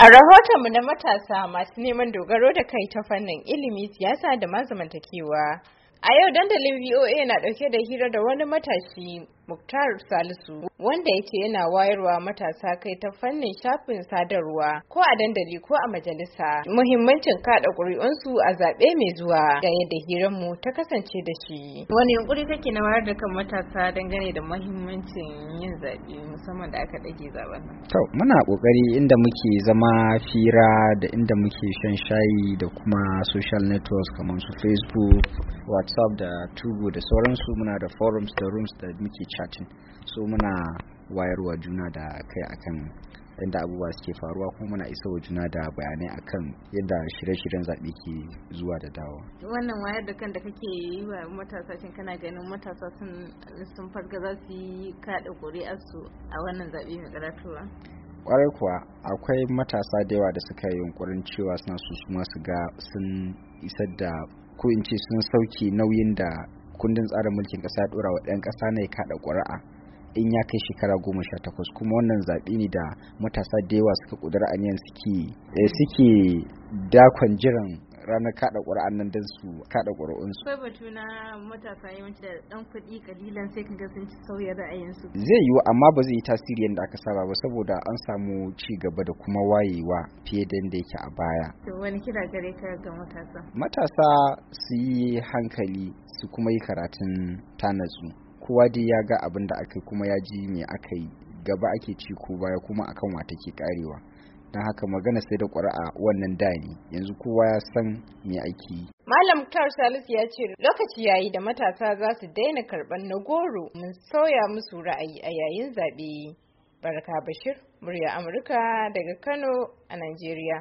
A rahotonmu na matasa masu neman dogaro da kai ta fannin ilimi, siyasa da mazamantakewa, A yau dandalin VOA na ɗauke da hira da wani matashi Muktar Salisu wanda ya ce yana wayarwa matasa kai ta fannin shafin sadarwa ko a dandali ko a majalisa muhimmancin kaɗa ƙuri'unsu a zaɓe mai zuwa ga yadda hiranmu ta kasance da shi. Wani yunƙuri kake na wayar da kan matasa dangane da muhimmancin yin zaɓe musamman da aka ɗage zaɓen nan? To muna ƙoƙari inda muke zama fira da inda muke shan shayi da kuma social networks kamar su Facebook, whatsapp da tugu da sauransu muna da forums da rooms da muke chatin so muna wayarwa juna da kai akan inda abubuwa suke faruwa kuma muna isa wa juna da bayanai akan yadda shirye-shiryen zaɓe ke zuwa da dawo. wannan wayar da kan da kake yi wa matasa shin kana ganin matasa sun farga za su yi kaɗa ƙuri'arsu a wannan zaɓe mai karatuwa kwarai kuwa akwai matasa da yawa da suka yi yunkurin cewa suna su su ga sun isar da ko in ce sun sauke nauyin da kundin tsarin mulkin ƙasa ya dora wa ɗan ƙasa na ya kaɗa ƙuri'a in ya kai shekara goma sha takwas kuma wannan zaɓe ne da matasa da yawa suka ƙudura aniyan suke eh, suke dakon jiran ranar kada ƙura'an nan don su kada ƙura'un su. Akwai batu na matasa yawanci da ɗan kuɗi kalilan sai kaga sun ci sauya ra'ayinsu. Zai yiwu amma ba zai yi tasiri yadda aka saba ba saboda an samu ci gaba da kuma wayewa fiye da yadda yake a baya. To wani kira gare ka ga matasa? Matasa su yi hankali su kuma yi karatun tanazu. Kowa dai ya ga abin da aka kuma ya ji me aka yi gaba ake ci ko baya kuma akan wa take karewa. don haka magana sai da ƙuri'a wannan dani yanzu kowa ya san me ake yi Malam Tar Salisu ya ce lokaci yayi da matasa za su daina karɓar na goro mun sauya musu ra'ayi a yayin zaɓe. Barka Bashir, murya Amurka daga Kano a Najeriya.